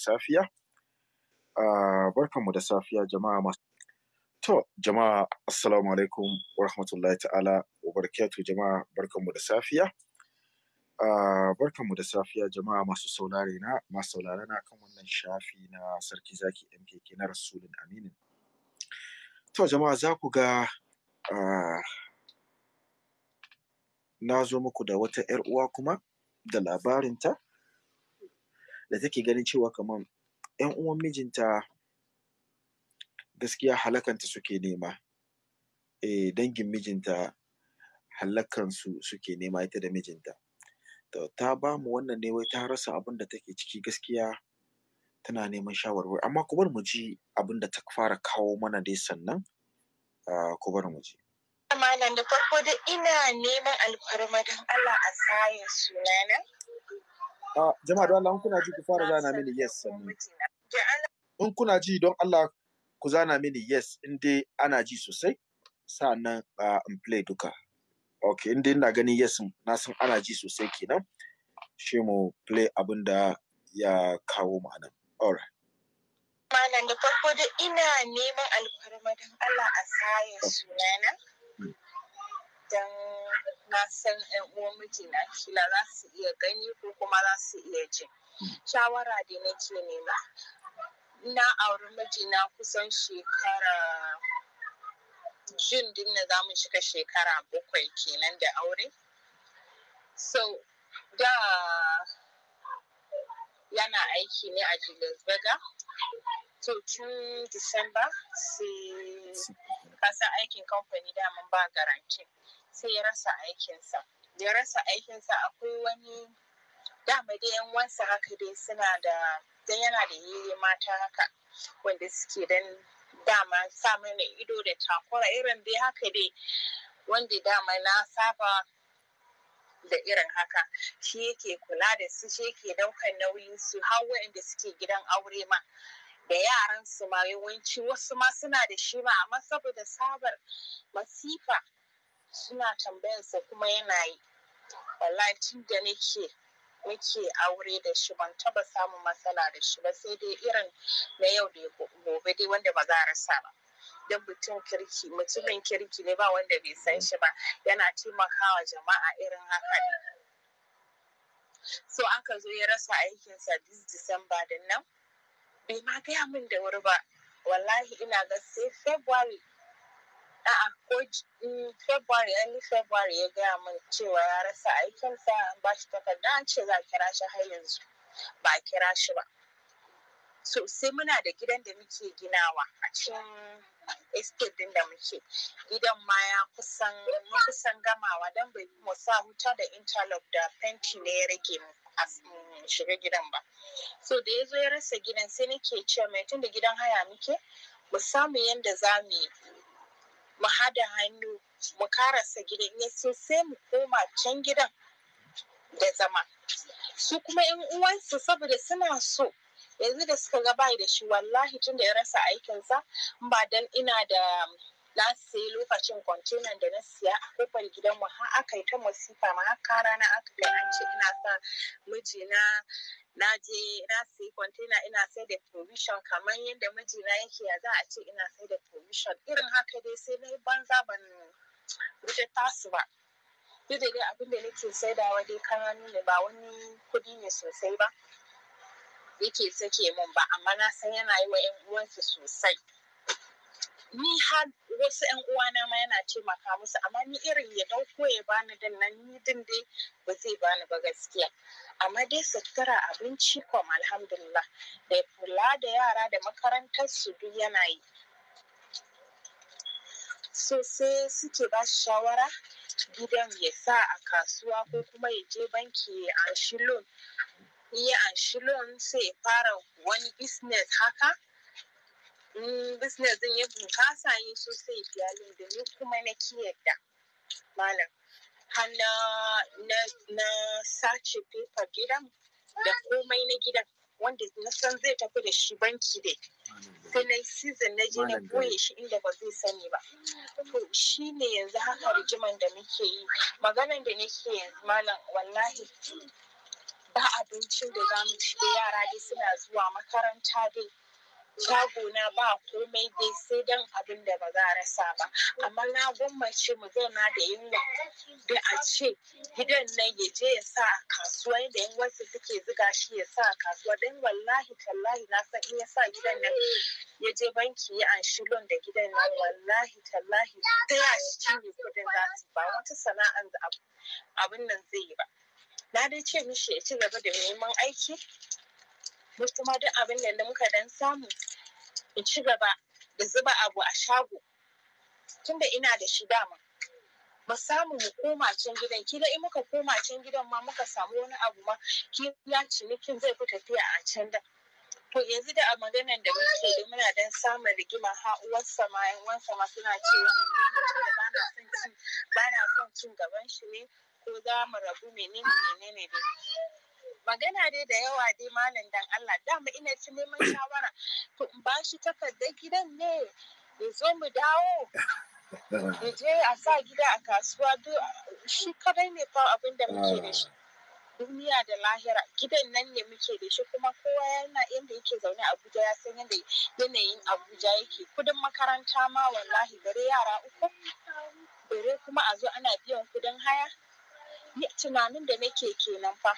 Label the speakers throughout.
Speaker 1: safiya. Uh, Barkanmu da safiya jama'a masu. To, jama'a assalamu alaikum wa rahmatullahi ta'ala wa barakatuh jama'a barkanmu da safiya. Uh, barkanmu da safiya jama'a masu saurare na masu saurare na kan wannan shafi na sarki zaki MKK na Rasulun Aminu. To jama'a za ku ga uh, na zo muku da wata 'yar uwa kuma da labarinta da take ganin cewa kamar ‘yan uwan mijinta gaskiya halakanta suke nema eh dangin mijinta halakansu suke nema ita da mijinta to ta ba mu wannan ne wai ta rasa abin da take ciki gaskiya tana neman shawarwari amma ku bar mu ji abin da ta fara kawo mana dai sannan ku bar mu ji
Speaker 2: malam da farko da ina neman alfarma don Allah a sayin sunana
Speaker 1: Ah, jama'a don Allah in kuna ji ku fara zana mini yes sannan. In kuna ji don Allah ku zana mini yes in dai ana ji sosai sannan ah, in play duka. Ok, in dai ina ganin yes na san ana ji sosai kenan. Shi mu play abin da ya kawo mana, Alright.
Speaker 2: Malam da farko da ina neman alfarma don Allah a saye sunana. Idan na san yan uwan mijina kila za su iya gani ko kuma za su iya ji shawara da nake nema na auri mijina kusan shekara jin din na zamu shiga shekara bakwai kenan da aure so da yana aiki ne a Julius vega to tun Disamba sai kasa aikin kamfani mun ba garanti sai ya rasa aikinsa ya rasa aikinsa akwai wani dama da yan wansa haka dai suna da dan yana da yi mata haka wanda suke dan dama sa mana ido da takura irin dai haka dai wanda dama na saba da irin haka shi yake kula da su shi yake daukan nauyin su har waɗanda suke gidan aure ma da yaran su ma yawanci wasu ma suna da shi ma amma saboda sabar masifa suna tambayansa kuma yana yi wallahi tun da nake nake aure da shi ban taba samun matsala da shi ba sai dai irin na yau da gobe dai wanda ba za a rasa ba don mutum kirki mutumin kirki ne ba wanda bai san shi ba yana taimakawa jama'a irin haka ne so aka zo ya rasa aikinsa dis disamba din nan bai ma gaya min da wuri ba wallahi ina ga sai february a'a ko mm, february early february ya gaya min cewa ya rasa aikinsa sa ba shi takarda an ce za a kira shi har yanzu ba a kira shi ba so sai muna da gidan da muke ginawa a cikin estate din da muke gidan ma ya kusan kusan gamawa don bai mu sa huta da interlock da fenti ne ya rage mu a shiga gidan ba so da ya zo ya rasa gidan sai nake ce mai tun da gidan haya muke mu samu yadda za mu mu hada hannu mu karasa gidan ya so sai mu koma can gidan da zama su kuma yan uwansu saboda suna so yanzu da suka ga da shi wallahi tun da ya rasa aikinsa ba dan ina da na lokacin kwantenan da na siya a kofar gidan mu har aka yi ta masifa ma har na aka ga an ce ina sa mijina na je na sayi kwantena ina sai da provision kamar yadda mijina yake ya za a ce ina sai da provision irin haka dai sai na banza ban wuce tasu ba duk da dai abinda nake saidawa dai kananu ne ba wani kudi ne sosai ba yake sake mun ba amma na san yana yi wa 'yan uwansu sosai ni har wasu yan uwana ma yana taimaka musu amma ni irin ya dauko ya bani din nan ni din dai ba zai bani ba gaskiya amma dai sutura abinci kwam alhamdulillah da kula da yara da makarantar su duk yana yi so sai suke ba su shawara gidan ya sa a kasuwa ko kuma ya je banki ya anshi loan ya anshi sai ya fara wani business haka Mm, business din ya bunkasa ni sosai iyalin da ni kuma na yadda malam na na sace paper gidan da komai na gidan wanda na san zai tafi da shi banki dai sai na season na je na boye shi inda ba zai sani ba to shi ne yanzu haka rigiman da muke yi maganan da nake yanzu malam wallahi ba abincin da za mu ci yara dai suna zuwa makaranta dai shagona ba komai dai sai dan abin da ba za a rasa ba amma na gwammace mu zauna da yunwa da a ce gidan nan ya je ya sa a kasuwa da yan wasu suke ziga shi ya sa a kasuwa don wallahi tallahi na san in ya sa gidan nan ya je banki ya an shi da gidan nan wallahi tallahi ta ya shi cinye kudin za su ba wata sana'an da abin nan zai yi ba na dai ce mishi ya ci gaba da neman aiki mu kuma duk abin da muka dan samu in ci gaba da zuba abu a shago tunda ina da shi dama Ba samu mu koma can gidan kila in muka koma can gidan ma muka samu wani abu ma kila cinikin zai fi tafiya a can da to yanzu da a maganar da muke da muna dan samun rigima ha uwar sama yan uwar sama suna cewa mutum da son son cin gaban shi ne ko za mu rabu menene menene dai magana dai da yawa dai malam dan Allah dama ina ci neman shawara to in ba shi takardar gidan ne ya zo mu dawo ya je a sa gida a kasuwa shi kadai ne fa abin da muke da shi duniya da lahira gidan nan ne muke da shi kuma kowa yana inda yake zaune abuja ya san yadda yanayin abuja yake kudin makaranta ma wallahi gare yara uku gare kuma a zo ana biyan kudin haya Ni tunanin da nake kenan fa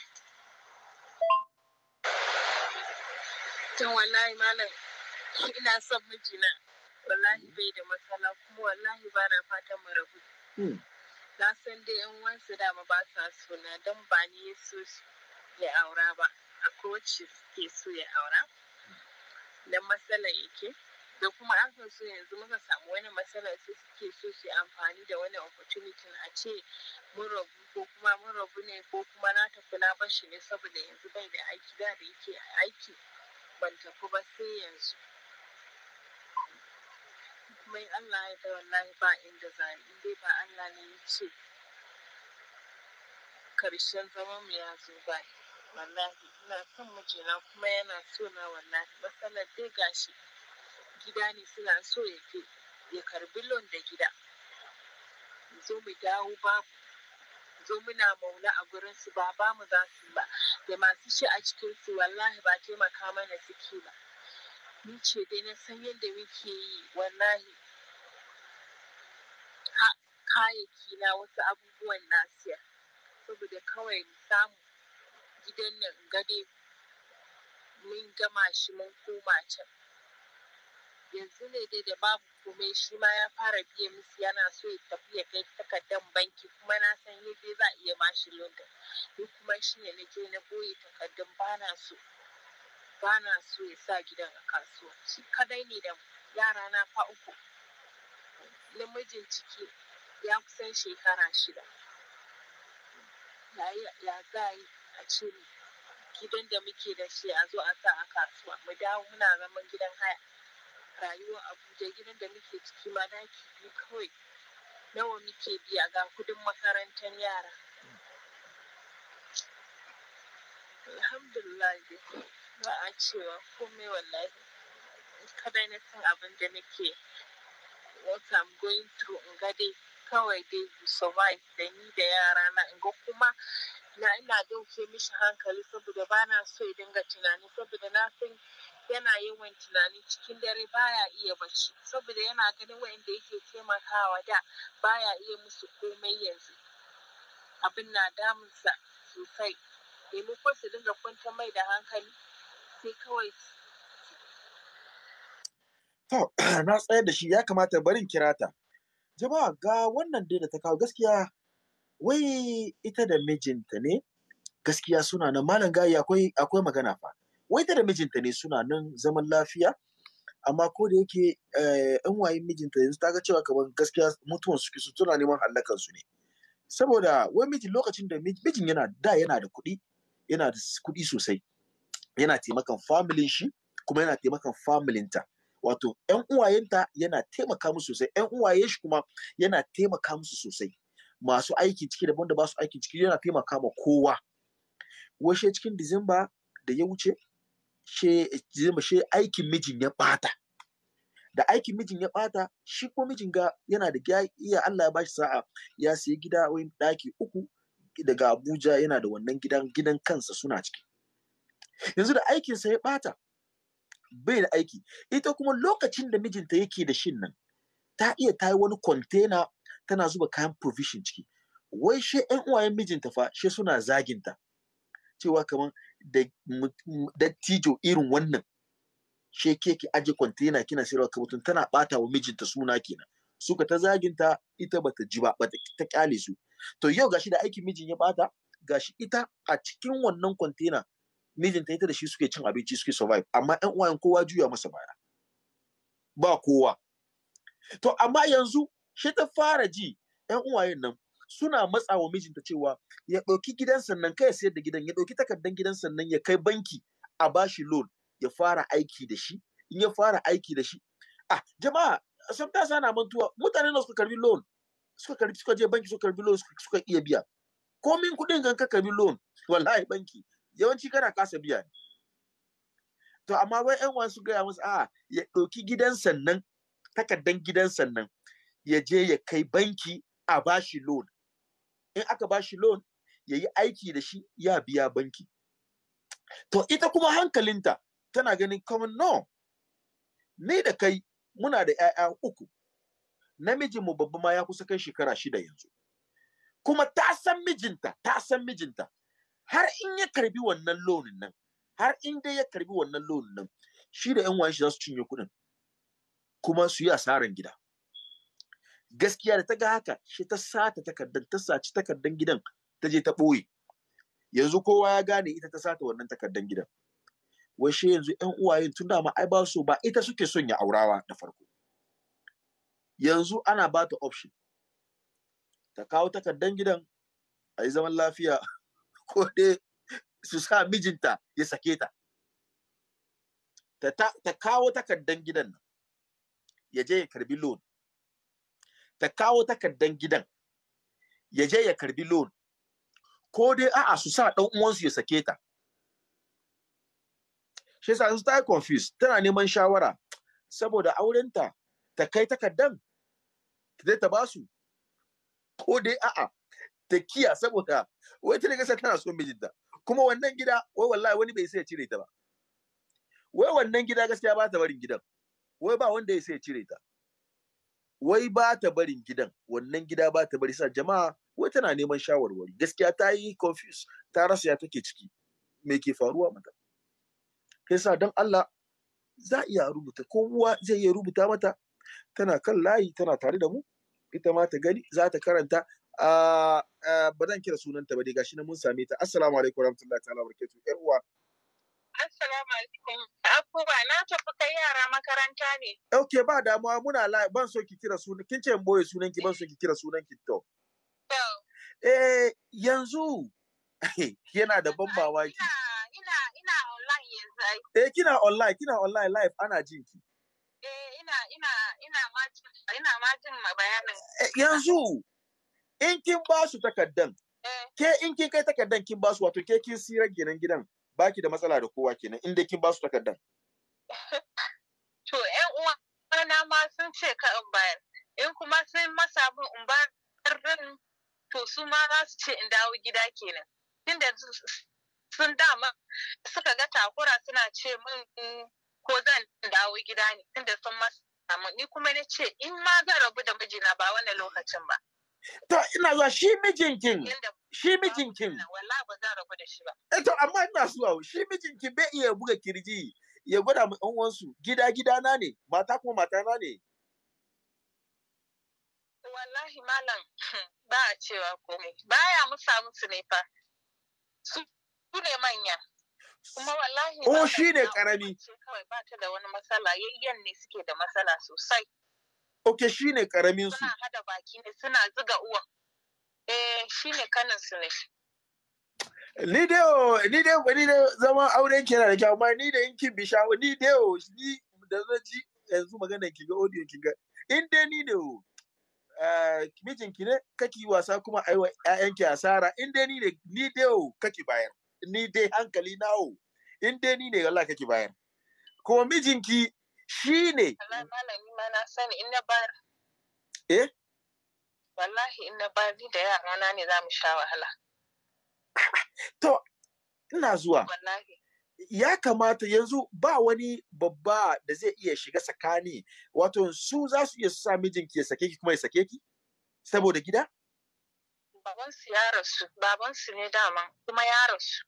Speaker 2: don wallahi malam ina son mijina wallahi bai da matsala kuma wallahi ba na fatan marabu hmm. na san da yan wansu dama ba sa suna don ba ni ya so ya aura ba akwai wacce suke so ya aura don matsala yake da kuma an san so yanzu muka samu wani matsala sai suke so su amfani da wani opportunity a ce mun rabu ko kuma mun rabu ne ko kuma na tafi na bashi ne saboda yanzu bai da aiki da yake aiki ban tafi ba sai yanzu kuma in Allah ya da wallahi ba inda zani in dai ba Allah ne ya ce karshen zaman mu ya zo ba wallahi ina son mijina kuma yana so na wallahi matsalar dai gashi gida ne suna so ya ya karbi lon da gida zo mu dawo babu zo muna maula a gurin su ba ba mu za su ba da masu shi a cikin su wallahi ba taimaka mana suke ba ni ce dai na san yadda muke yi wallahi kayayyaki na wasu abubuwan nasiya saboda kawai mu samu gidan nan gade mun gama shi mun koma can yanzu ne dai da babu komai shi ma ya fara biye musu yana so ya tafi ya kai takardar banki kuma na san yadda dai za a iya mashi london ni kuma shi ne na je na boye takardun bana so bana so ya sa gidan a kasuwa shi kadai ne da yara na fa uku namijin ciki ya kusan shekara shida ya za yi a cire gidan da muke da shi a zo a sa a kasuwa mu dawo muna zaman gidan haya rayuwar abuja gidan da muke ciki ma daki biyu kawai nawa muke biya ga kudin makarantar yara alhamdulillah ba a cewa komai wallahi kadai na san abin da nake what I'm going through in ga kawai dai you survive da ni da yara na in ga kuma na ina dauke mishi hankali saboda ba na so ya dinga tunani saboda na san yana yawan tunani cikin dare baya iya bacci saboda yana ganin wa'inda yake taimakawa da baya iya musu komai yanzu abin na damunsa sosai maimakon su dinga kwanta mai da hankali sai kawai
Speaker 1: to na tsayar da shi ya kamata barin kirata. ta jama'a ga wannan dai da ta kawo gaskiya wai ita da mijinta ne gaskiya suna na malam gayi akwai magana fa wai da mijinta ne suna nan zaman lafiya amma ko da yake yan eh, wayin mijinta yanzu ta ga cewa kamar gaskiya mutuwan suke su tuna neman hallakan su ne saboda wai mijin lokacin da mijin yana da yana da kuɗi yana da kuɗi sosai yana taimakan familin shi kuma yana taimakan familinta wato yan uwayenta yana taimaka musu sosai ƴan uwaye shi kuma yana taimaka musu sosai masu aiki ciki daban da ba su aiki ciki yana taimaka ma kowa washe cikin disamba da ya wuce she aikin mijin ya bata da aikin mijin ya bata shi ko mijin ga yana da iya Allah ya bashi sa'a ya sayi gida wani daki uku daga Abuja yana da wannan gidan gidan kansa suna ciki yanzu da aikinsa ya ɓata bai da aiki ita kuma lokacin da mijinta yake da shin nan ta iya ta wani kwantena tana zuba kayan provision ciki wai she yan uwayen mijinta fa she suna zaginta cewa kamar da dattijo irin wannan she ke ki aje kwantena kina sayarwa kabutun tana bata wa mijinta suna kenan suka ta zaginta ita bata ji ba bata ta kyale su to yau gashi da aikin mijin ya bata gashi ita a cikin wannan kwantena mijinta ita da shi suke cin abinci suke survive amma 'yan uwayen kowa juya masa baya ba kowa to amma yanzu shi ta fara ji 'yan uwayen nan suna matsa wa mijinta cewa ya ɗauki gidan sannan kai ya sayar da gidan ya ɗauki takardar gidan sannan ya kai banki a bashi loan ya fara aiki da shi in ya fara aiki da shi ah jama'a sometimes ana mantuwa mutane na suka karbi loan suka karbi suka je banki suka karbi loan suka iya biya komin kuɗin kan ka karbi loan wallahi banki yawanci kana kasa biya ne to amma wai ɗan wasu gaya musu a ya ɗauki gidan sannan takardan gidan sannan ya je ya kai banki a bashi loan in aka ba shi loan ya yi aiki da shi ya biya banki to ita kuma hankalinta tana ganin common no ni da kai muna da 'ya'ya uku namijinmu babba ma ya kusa kai shekara shida yanzu kuma ta san mijinta ta san mijinta har in ya karbi wannan loanin nan har in dai ya karbi wannan loanin nan shi da yan shi za su cinye kuɗin kuma su yi asaran gida gaskiya da ta ga haka shi ta sata takardan ta saci takardan gidan ta je ta ɓoye yanzu kowa ya gane ita ta sata wannan takardan gidan wai shi yanzu ƴan uwayen tun da ma ai ba su ba ita suke son ya aurawa da farko yanzu ana ba ta option ta kawo takardan gidan a yi zaman lafiya ko dai su sa mijinta ya sake ta ta kawo takardan gidan nan ya je ya karbi loan ta kawo takardan gidan ya je ya karbi loan ko dai a'a su sa ɗan uwansu ya sake ta shi sa su ta confused tana neman shawara saboda aurenta ta kai takardan ta dai ta su ko dai a'a ta kiya saboda wai ta daga tana son mijinta kuma wannan gida wai wallahi wani bai sai ya cire ta ba wai wannan gida gaskiya ba ta barin gidan wai ba wanda ya sai ya cire ta wai ba ta barin gidan wannan gida ba ta bari sa jama'a wai tana neman shawarwari gaskiya ta yi confuse ta rasa ya take ciki me ke faruwa mata kai sa don Allah za iya rubuta kowa zai iya rubuta mata tana kan layi tana tare da mu ita ma ta gani za ta karanta ba zan kira sunanta ba dai gashi na mun same ta assalamu alaikum warahmatullahi ta'ala barakatuh yar uwa
Speaker 2: Assalamu alaikum. Abubuwa na tafi yara makaranta ne.
Speaker 1: Ok ba damuwa muna la ban so ki kira sunan kin ce boye sunan ki ban so ki kira sunan ki to. Eh yanzu yana da ban ki. Ina ina online yanzu. Eh kina online kina online live ana jin ki. Eh
Speaker 2: ina ina ina ma ina ma bayanin.
Speaker 1: Eh, yanzu in kin ba su takardan. Eh. Ke in kin kai takardan kin ba su wato ke kin sirar gidan gidan. baki da matsala da kowa kenan inda kin ba su takardan
Speaker 2: to 'yan uwa na ma sun ce ka in bayar in kuma sun masa min in bayar to su ma za su ce in dawo gida kenan tunda sun dama suka ga takura suna ce min ko zan dawo gida ne tunda sun masa min ni kuma na ce in ma zan rabu da mijina ba wannan lokacin ba
Speaker 1: to ina za shi mijinkin shi mijinki. Eto eh, amma ina so shi mijinki bai iya buga kirji ya gwada mu ɗan uwansu gida gida na ne mata kuma mata na ne
Speaker 2: wallahi malam ba a cewa komai baya musa musu ne fa su ne manya kuma wallahi o oh, shi ne karami kawai ba ta da wani matsala yayyan ne suke da matsala sosai
Speaker 1: ok shi ne karamin su suna
Speaker 2: hada baki ne suna zuga uwan eh shine
Speaker 1: ne ni dai ni dai ni dai zaman auren ki yana da kyau amma ni da in kin bisha ni dai ni da zaji yanzu magana ki ga audio ki ga in dai ni ne o eh, mijin ki ne kake wasa kuma aiwa ƴaƴan ki asara in dai ni ne ni dai o kake bayar ni dai hankali na o in dai ni ne Allah kake bayar ko mijinki shi ne
Speaker 2: Allah malami ma na sani in na bayar eh wallahi in na ba ni da yara na ne za mu sha wahala
Speaker 1: to ina zuwa wallahi ya kamata yanzu ba wani babba da zai iya shiga tsakani wato su za su iya sa mijinki ya sake ki kuma ya sake ki saboda gida
Speaker 2: babansu ya rasu babansu ne dama kuma ya rasu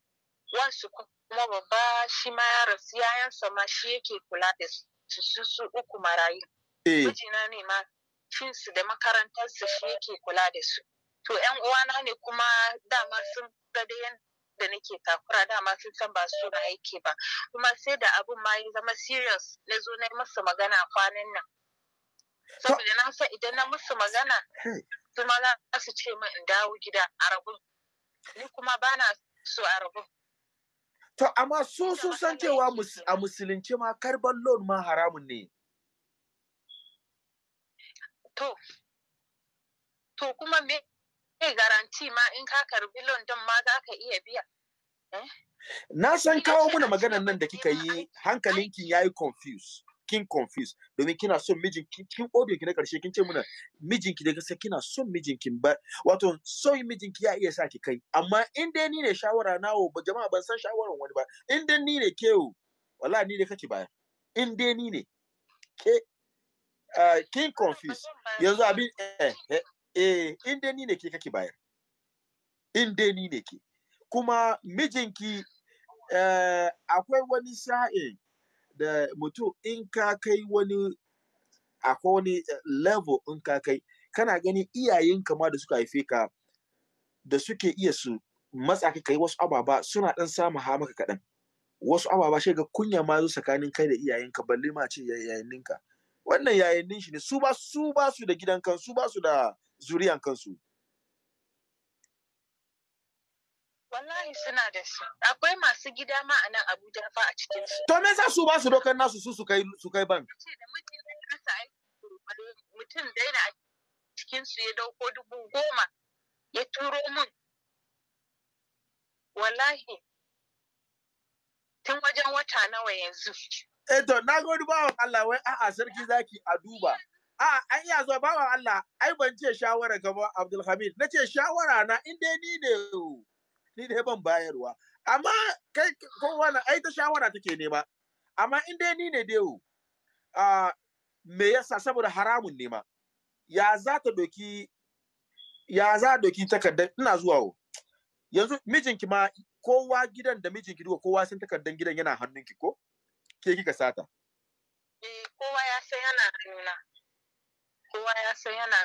Speaker 2: wansu kuma babba shi ma ya rasu yayansa ma shi yake kula da su su uku marayu eh. mijina ne ma su da makarantarsu shi yake kula da su to yan uwana ne kuma dama sun ga da da nake takura dama sun san ba su na aiki ba kuma sai da abun ma ya zama serious na zo na yi musu magana kwanan nan saboda na san idan na musu magana su ma za su ce min in dawo gida a rabun ni kuma ba na so a rabun
Speaker 1: to amma su sun san cewa a musulunci ma karban loan ma haramun ne
Speaker 2: to to kuma me garanti ma in ka karbi loan din ma za ka iya biya
Speaker 1: eh? na san kawo muna maganan nan da kika yi hankalinki ya yi confuse kin confuse domin kina son mijinki kin audio ki na karshe kin ce muna mijinki da gaske kina son mijinki ba wato son mijinki ya iya sa ki kai amma in dai ni ne shawara na wo jama'a ban san shawaran wani ba in dai ni ne kewo. Wala wallahi ni ne kake baya in dai ni ne ke Eh, kin confuse yanzu abin eh eh, eh in ni ne ke kake bayar in ni ne ke kuma mijinki eh, akwai wani sa'in da mutum in ka kai wani akwai wani level in ka kai kana gani iyayen kama da suka haife ka da suke iya su matsa ka kai wasu ababa suna dan samu ha maka kaɗan wasu ababa shiga kunya ma zo tsakanin kai da iyayenka balle ma ce ninka. wannan yayannin shi ne su ba su ba su da gidan kansu ba su da zuriyan kansu
Speaker 2: wallahi suna da shi akwai masu gida ma a nan abuja fa a cikin su to me yasa
Speaker 1: su ba su dokar nasu su su kai su kai bank
Speaker 2: mutum dai na cikin su ya dauko dubu goma ya turo min wallahi tun wajen wata nawa yanzu Eto
Speaker 1: eh, to na gode bawan Allah wai a'a sarki zaki a duba. A'a an iya zuwa bawan Allah ai ban ce shawara ka ba Abdul na ce shawara na in dai ni ne ni ne ban bayarwa. Amma kai kowa na ai ta shawara take nema. Amma in dai ni ne dewo me yasa saboda haramun nema. Ya za ta doki ya za doki takardar ina zuwa wo. Yanzu mijinki ma kowa gidan da mijinki duka kowa sun takardar gidan yana hannunki ko? ke kika sata
Speaker 2: eh, kowa ya san yana hannuna kowa ya san yana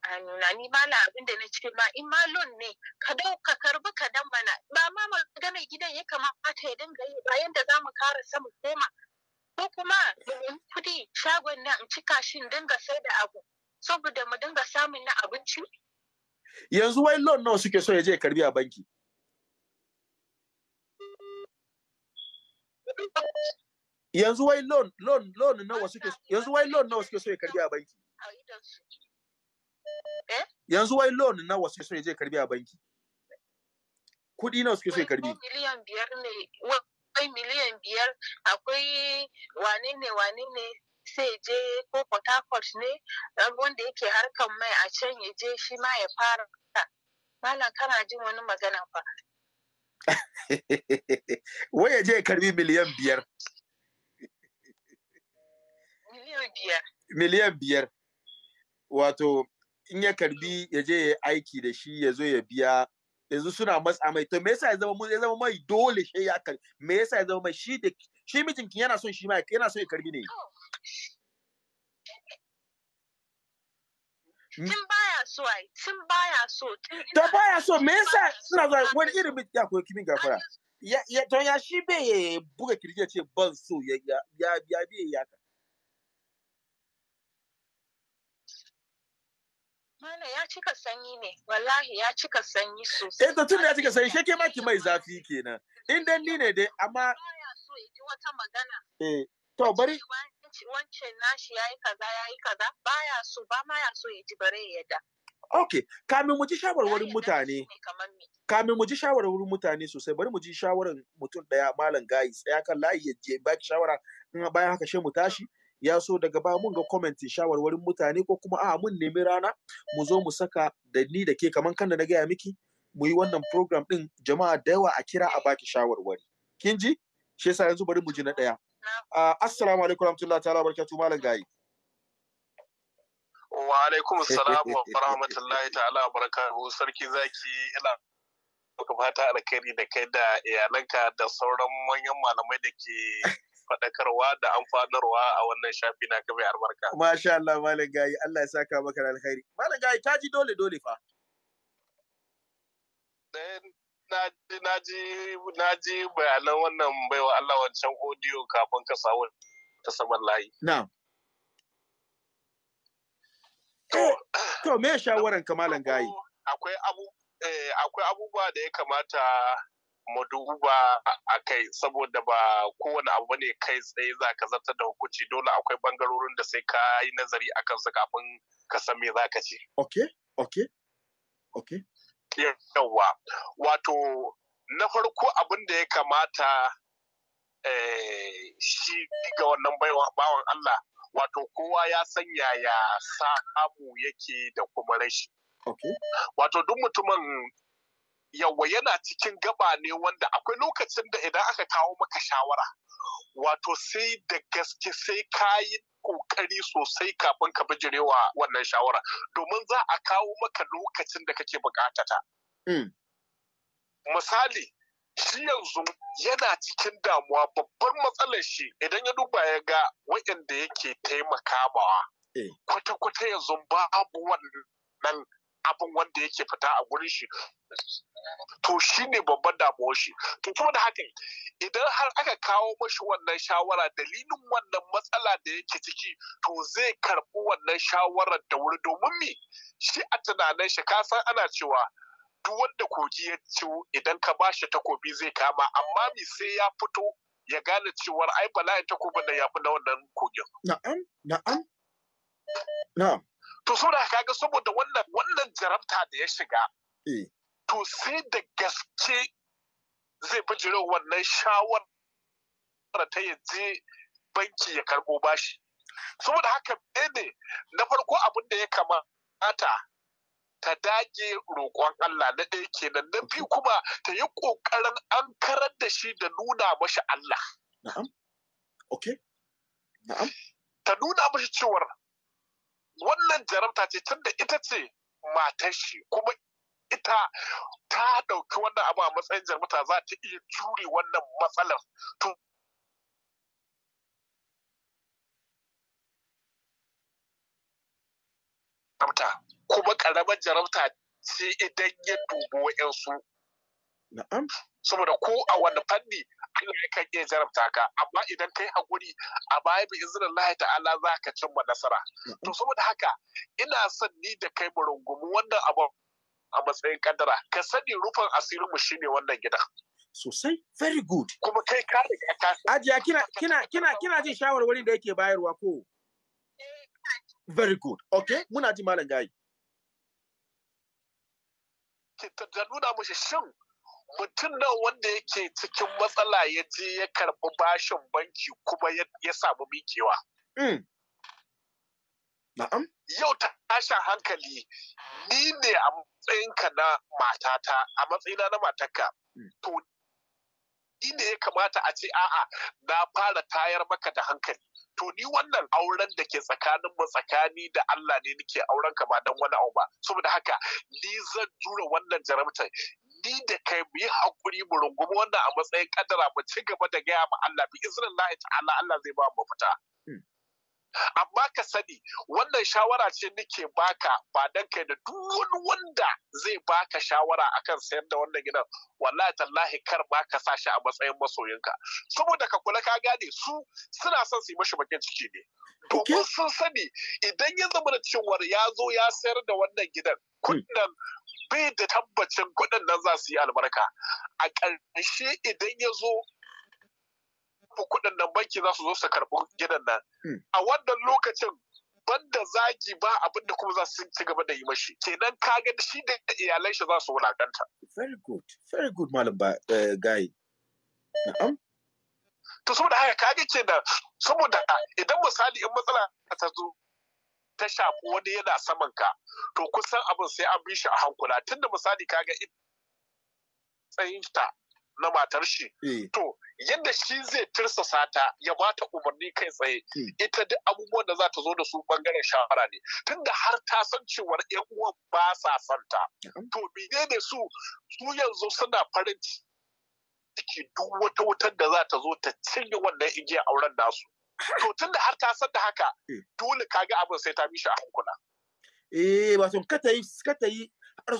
Speaker 2: hannuna ni ma na abin da na ce ma in ma lon ne ka dau ka karbi ka dan mana ba ma magana gidan ya kamata ya dinga yi bayan da mu kara samu koma ko kuma in kudi shagon nan in cika shi in dinga sai da abu saboda mu dinga samun na abinci
Speaker 1: yanzu wai lon nawa suke so ya je karbi a banki yanzu wai loan loan loan nawa suke yanzu wai loan nawa suke so ya karbi a banki eh? yanzu wai loan nawa suke so ya je karbi a banki kudi nawa suke so ya karbi
Speaker 2: miliyan biyar ne wai miliyan biyar akwai wane ne wane ne sai je ko Port Harcourt ne wanda yake harkan mai a can ya je shi ma ya fara malam kana jin wani magana fa
Speaker 1: wai ya je ya karbi miliyan biyar miliyan biyar. Wato, in ya karbi ya je ya aiki da shi ya zo ya biya yanzu suna matsa mai to me yasa ya zama ya zama mai dole shi ya karbi me yasa ya zama mai shi da shi mijinkin yana son shi ma yana son ya karbi ne
Speaker 2: tun baya so ai tun baya so tun
Speaker 1: baya so me yasa suna zuwa wani irin ya koyi kimin gafara ya to ya shi bai buga kirje ce ban so ya ya ya ya ka
Speaker 2: Mana ya cika sanyi ne, wallahi ya cika sanyi sosai.
Speaker 1: Eh, tun da ya cika sanyi, sheke maki mai zafi kenan. In dan ni ne dai, amma. ya
Speaker 2: so ya ji wata magana.
Speaker 1: Eh, to bari.
Speaker 2: Wancan nashi ya yi kaza, ya yi kaza, baya so, ba ma ya so ya ji bare ya yadda.
Speaker 1: Ok, kamin mu ji shawarwarin mutane. Kamin mu ji shawarwarin mutane sosai, bari mu ji shawarar mutum ɗaya Malam Gayi, tsaya kan layi ya je ba shawara, in bayan haka shi mu tashi. Mm -hmm. ya so daga ba mun ga commentin shawarwarin mutane ko kuma a mun nemi rana mu zo mu saka da ni da ke kaman kan da na gaya miki mu yi wannan program din jama'a da yawa a kira a baki shawarwari kin ji shi yasa yanzu bari mu ji na daya ah, assalamu alaikum warahmatullahi ta'ala barakatuh malam gayi
Speaker 3: wa alaikum assalam wa rahmatullahi ta'ala barakatuh sarki zaki ila maka fata alkhairi da kai da iyalanka da sauran manyan malamai da ke faɗakarwa da amfanarwa a wannan shafi na mai albarka. Masha
Speaker 1: Allah Malam Gayi, Allah ya saka maka da alkhairi. Malam Gayi ta ji dole dole fa.
Speaker 3: Eh, na ji bayanan wannan baiwa Allah wancan odiyo kafin ka samu ta saman layi. Na'am. To,
Speaker 1: eh, me shawaran ka Malam Gayi? Eh,
Speaker 3: akwai abubuwa da ya kamata mu duba a kai saboda ba kowane abu ne kai tsaye za ka zartar da hukunci dole akwai bangarorin da sai ka yi nazari a kansu kafin ka san me za ka ce. Ok, ok, ok. Yawwa, wato na farko abin da ya kamata eh, shi ga wannan bawan Allah wato kowa ya san yaya samu yake da kuma rashi. Wato duk mutumin yawa yana cikin gaba ne wanda akwai lokacin da idan aka kawo maka shawara wato sai da gaske sai ka yi kokari sosai kafin ka bijirewa wannan shawara domin za a kawo maka lokacin da kake bukatata. Mm. misali shi yanzu yana cikin damuwa babbar matsalar shi idan ya duba ya ga waɗanda yake taimaka mawa eh. kwata-kwata yanzu babu wannan abin wanda yake fita a gurin shi to shi ne babban damuwar shi to kuma da hakan idan har aka kawo mashi wannan shawara dalilin wannan matsala da yake ciki to zai karɓi wannan shawarar da wuri domin me shi a tunanin shi ka san ana cewa duk wanda kogi ya ci idan ka ba shi takobi zai kama amma me sai ya fito ya gane cewar ai bala'in takobin da ya fi na wannan kogin
Speaker 1: na'am na'am na'am
Speaker 3: to saboda ga saboda wannan wannan jarabta da ya shiga eh. to sai da gaske zai bijire wannan shawar ta yaje banki ya karbo bashi saboda haka ne na farko abin da ya kamata ta dage roƙon Allah na ɗaya kenan na biyu kuma ta yi ƙoƙarin an karar da shi da nuna mashi Allah. Ta nuna mashi cewar wannan jaramta ce tunda ita ce matar shi kuma ita ta ɗauki wannan abu a matsayin jarabta za ta iya jure wannan matsalar to kuma karamar jarabta ce idan ya dubi wa'yansu Na'am. Saboda ko a wani fanni Allah ya kan iya jarabta ka amma idan kai hakuri a baya bi izinin Allah ta'ala za ka cimma nasara. To saboda haka ina son ni da kai murungumu wannan abu a matsayin kaddara ka sani rufin asirin mu shine wannan gidan. Sosai, very good. Kuma kai ka riga ka. Ajiya kina kina kina kina jin
Speaker 1: shawarwarin da yake bayarwa ko? Very good. Okay, muna ji malam gayi.
Speaker 3: Ta nuna mushi shin mutum nan wanda yake cikin matsala ya je ya karɓi bashin banki kuma ya samu mikewa.
Speaker 1: Mm. Na'am.
Speaker 3: Yau tashin hankali ni ne a matsayinka na matata a matsayina na matarka. Mm. To ni ne ya kamata a ce a'a na fara tayar maka da hankali. To ni wannan auren da ke tsakanin mu tsakani da Allah ne nike auren ka ba dan wani abu ba. Saboda haka ni zan jura wannan jarabtar ni da kai mu yi hakuri mu rungumi wannan a matsayin kadara mu ci gaba da gaya ma Allah bi izinin Allah ta'ala Allah zai ba mu fita hmm. amma ka sani wannan shawara ce nake baka ba dan kai da duk wani wanda zai baka shawara akan sayar da wannan gidan wallahi tallahi kar ba ka sa shi a matsayin masoyinka saboda ka kula ka gane su suna son su yi mashi bakin ciki ne to sun sani idan ya zama da cewar ya zo ya sayar da wannan gidan hmm. kudin bai da tabbacin kuɗin nan za su yi albarka a ƙarshe idan ya zo kuɗin nan banki za su zo su karɓi gidan nan hmm. a wannan lokacin banda zagi ba abin da kuma za su ci gaba da yi mashi kenan ga shi da iyalan shi za su wulaƙanta
Speaker 1: very good very good malam ba eh, guy na'am
Speaker 3: to saboda haka kaga kenan saboda idan misali in matsala ta zo ta shafi wani yana saman ka to kusan abin sai an bi shi a hankula tunda misali kaga tsayinta na matar shi eh. to yadda shi zai tirsasa ta ya ba ta umarni kai tsaye hmm. ita duk abubuwan da za ta zo da su bangaren shawara ne tunda har ta san cewar yan uwan ba sa santa to menene su su yanzu suna farin ciki duk wata wutar da za ta zo ta cinye wannan igiyar auren nasu to tun da har ta san da haka eh. dole kaga abin sai ta bi shi a hankula
Speaker 1: eh wato kata yi kata yi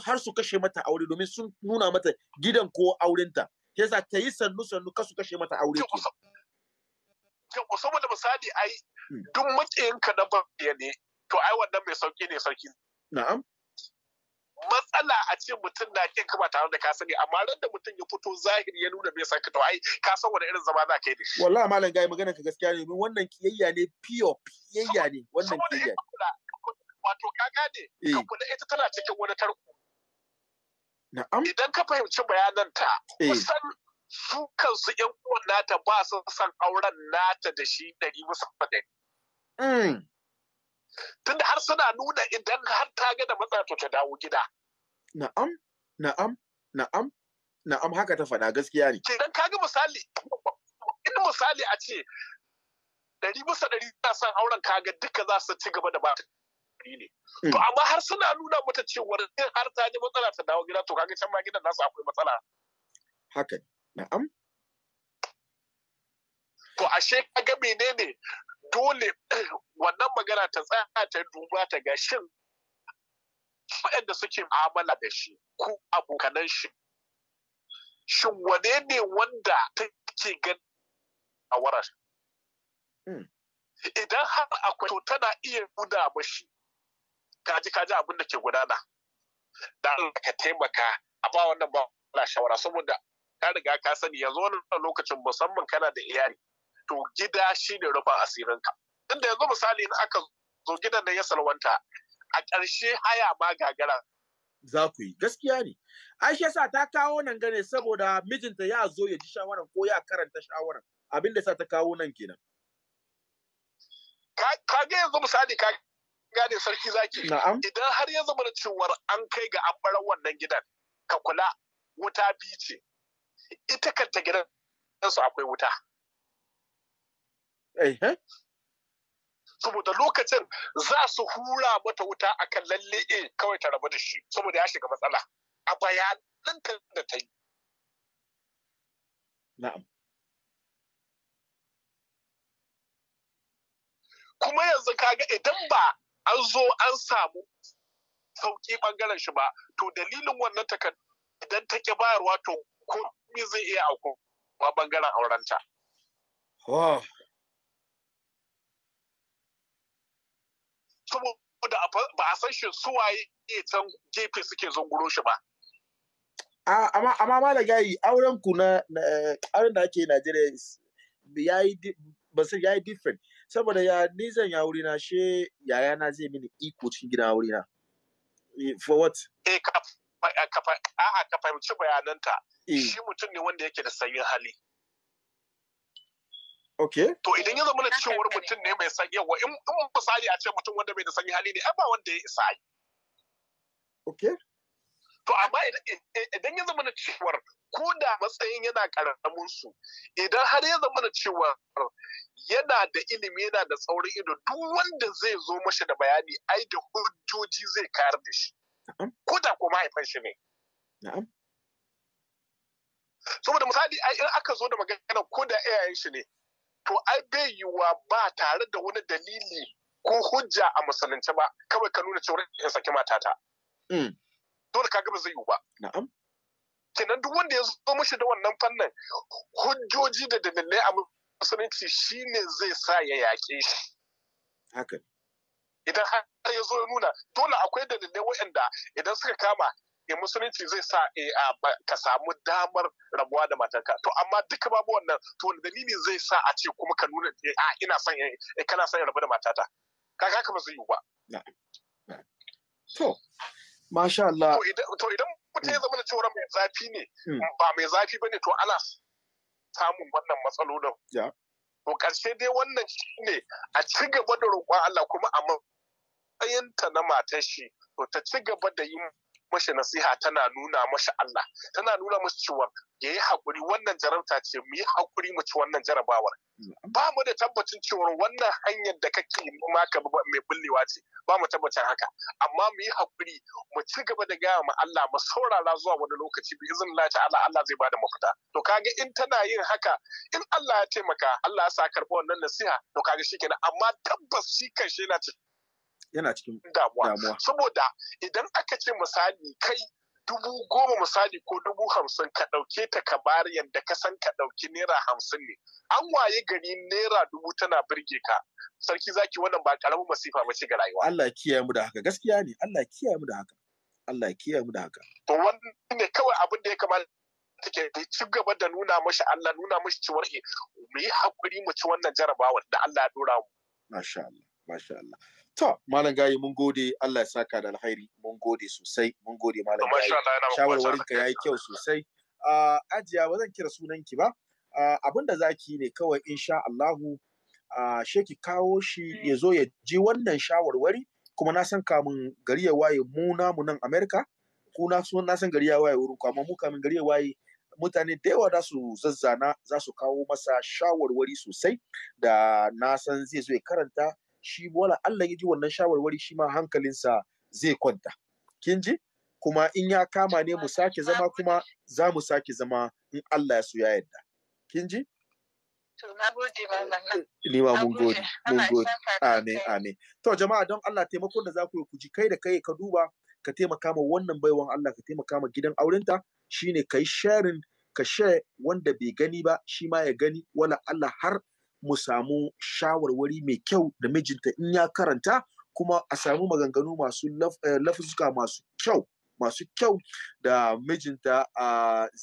Speaker 1: har su kashe mata aure domin sun nuna mata gidan ko aurenta sa ta yi sannu sannu ka su kashe mata aure ke
Speaker 3: saboda misali ai hmm. duk da na ne to ai wannan mai sauki ne sarki na'am a ce mutum na kin ka ba tare da ka sani amma
Speaker 2: ran da mutum ya fito zahiri ya nuna bai san ka to ai ka san wani irin zama za ka yi da
Speaker 1: shi wallahi malam gai magana ka gaskiya ne mun wannan kiyayya ne pure kiyayya ne wannan kiyayya
Speaker 3: wato ka gane eh. ka kula ita tana cikin wani tarko na'am idan ka fahimci bayanan ta eh. kusan su kansu yan uwan nata ba su san auren nata da shi dari bisa ɗari mm. tunda har suna nuna idan har ta ga da matsala to ta dawo gida
Speaker 1: na'am na'am na'am na'am haka ta faɗa gaskiya ne
Speaker 3: ka kaga misali in misali a ce ɗari bisa ɗari na san auren kaga duka za su ci gaba da ba ne hmm. to amma har suna nuna mata cewar in har ta ji matsala ta dawo gida to kaga can ma gidan nasu akwai matsala
Speaker 1: haka na'am
Speaker 3: to ashe kaga menene dole wannan magana ta tsaya ta duba ta ga shin waɗanda suke mu'amala da shi ko abokanan shi shin wane ne wanda take gani a warar hmm. idan har akwai to tana iya nuna mashi kaji kaji abin da ke gudana da ka taimaka a ba wannan ba na shawara saboda ka riga ka sani yanzu wannan lokacin musamman kana da iyali to gida shi ne rufin asirinka inda yanzu misali in aka zo gidan nan ya salwanta a ƙarshe haya ma gagara.
Speaker 1: Za ku yi, gaskiya ne. Aisha sa ta kawo nan gane saboda mijinta ya zo ya ji shawaran ko ya karanta shawaran abin da sa ta kawo nan kenan.
Speaker 3: Ka ga yanzu misali ka gane sarki zaki. Idan har ya zama cewar an kai ga an wannan gidan ka kula wuta biyu ce. Ita kanta gidan su akwai wuta. saboda lokacin za su hura mata wuta akan lalle e kawai ta rabu da shi saboda ya shiga matsala a bayanan da ta yi kuma yanzu kaga idan ba an zo an samu sauƙi ɓangaren shi ba to dalilin wannan takardu idan ta ƙi bayarwa to komi zai iya auku ma ɓangaren aurenta. Oh. saboda ba a san shi suwaye can gefe suke zunguro shi ba.
Speaker 1: amma da gayi auren ku na eh, auren da ake Najeriya yayi basir yayi different saboda ya ni ya wuri na she yaya na zai mini iko cikin gida wuri na
Speaker 3: eh, for what eh ka fahimci bayananta eh. shi mutum ne wanda yake da sanyin hali Okay. To idan ya zama na cewar mutum ne mai san yawa in misali a ce mutum wanda bai da sanyi hali ne ai ba wanda ya isa yi. Okay. To amma idan ya zama na cewar ko da matsayin yana karamin su idan har ya zama na cewar yana da ilimi yana da tsaurin ido duk wanda zai zo mashi da bayani ai da hujjoji zai kayar da shi. Ko da kuma haifan shi ne. Na'am. Saboda misali ai in aka zo da magana ko da iyayen shi ne to ai bai yiwuwa ba tare da wani dalili ko hujja a musulunci ba kawai ka nuna cewa in saki matata. Mm. Dole ka gaba zai yiwu ba. Kenan duk wanda ya zo mishi da wannan fannin hujjoji da dalilai a musulunci shine zai sa ya yaƙe shi. Haka. Idan har ya zo ya nuna dole akwai dalilai waɗanda idan suka kama e musulunci zai sa e, ka samu damar rabuwa da matarka to amma duka babu wannan to wani dalili zai sa a ce kuma ka nuna e, a ina son e, kana son rabu da matata Ka haka ba zai yiwu ba to masha Allah to idan mutum ya mm. zama da cewa mai zafi ne mm. ba mai zafi ba ne to ana samun wannan matsalolin to Karshe dai wannan shine a ci gaba da roƙon Allah kuma a matsayinta na matar shi to ta ci gaba da yin mashi nasiha tana nuna mashi Allah tana nuna mashi cewa ya yi haƙuri wannan jarabta ce mu yi haƙuri mu ci wannan jarabawar ba mu da tabbacin cewa wannan hanyar da kake nema ka mai bullewa ce ba mu tabbacin haka amma mu yi haƙuri mu ci gaba da gaya ma Allah mu saurara zuwa wani lokaci bi izin Allah ta'ala Allah zai bada mafita to kaga in tana yin haka in Allah ya taimaka Allah ya sa karɓa wannan nasiha to kaga shikenan amma tabbas shi kan shi yana cikin
Speaker 1: yana cikin damuwa
Speaker 3: saboda idan aka ce misali kai dubu goma misali ko dubu hamsin ka ɗauke ta ka bayar yadda ka san ka ɗauki naira hamsin ne an waye gari naira dubu tana birge ka sarki zaki wannan ba karamin masifa ba ce ga rayuwa
Speaker 1: Allah kiyaye mu da haka gaskiya ne Allah kiyaye mu da haka Allah kiyaye mu da haka
Speaker 3: to wannan ne kawai abin da ya kamata take da ci gaba da nuna mashi Allah nuna mashi cewar eh, mu yi hakuri mu ci wannan jarabawa da Allah ya dora mu
Speaker 1: masha Allah masha Allah To, Malam Gayi mun gode Allah ya saka da alheri mun gode sosai mun gode Malam Gayi. Shawarwarin ka yayi kyau sosai. Ah, ajiya ba zan kira sunan ki ba. Ah, abin da zaki ne kawai insha Allahu ah, Sheki kawo shi mm. ya zo ya ji wannan shawarwari kuma na san kamun gari ya waye mu namu nan Amerika ku na na san gari ya waye wurin ku amma mu kamun gari ya waye mutane da yawa za su zazzana za su kawo masa shawarwari sosai da na san zai zo ya karanta shi wala Allah ya ji wannan shawarwari shi ma hankalinsa zai kwanta kin ji kuma in ya kama ne mu sake zama kuma za mu sake zama in Allah ya so ya yarda kin ji
Speaker 2: Ni ma mun gode, mun gode. Amin,
Speaker 1: amin. To jama'a don Allah taimakon da za ku yi ku ji kai da kai ka duba ka taimaka ma wannan baiwan Allah ka taimaka ma gidan aurenta shine kai sharing ka share wanda bai gani ba shi ma ya gani wala Allah har mu samu shawarwari mai kyau da mijinta in ya karanta kuma a samu maganganu masu eh, lafuzuka masu kyau masu kyau da mijinta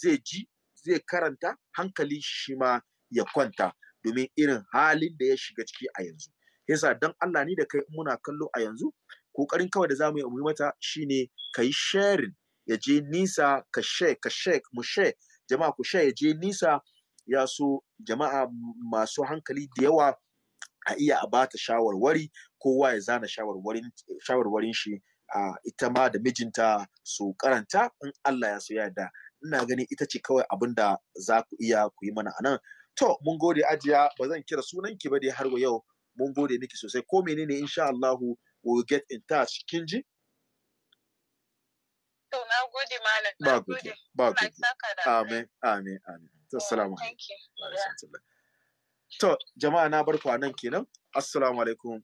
Speaker 1: zai ji zai karanta hankali shi ma ya kwanta domin irin halin da ya shiga ciki a yanzu yasa dan Allah ni da kai muna kallo a yanzu kokarin kawai da zamu yi mata shine yi sharing ya je nisa ka share ka share mu share jama'a ku share ya je nisa ya so jama'a masu hankali da yawa a iya a bata shawarwari kowa ya zana shawarwarin shi a ita ma da mijinta su karanta in Allah ya so yarda ina gani ita ce kawai abin da za ku iya ku yi mana anan to mun gode ajiya ba zan kira sunan ki ba dai har yau mun gode miki sosai ko menene insha Allah we will get in touch kin ji
Speaker 2: to na gode malam
Speaker 1: ba gode ba gode amen amen amen Assalamu
Speaker 3: alaikum.
Speaker 1: To, jama'a na barku a nan kenan. Assalamu alaikum.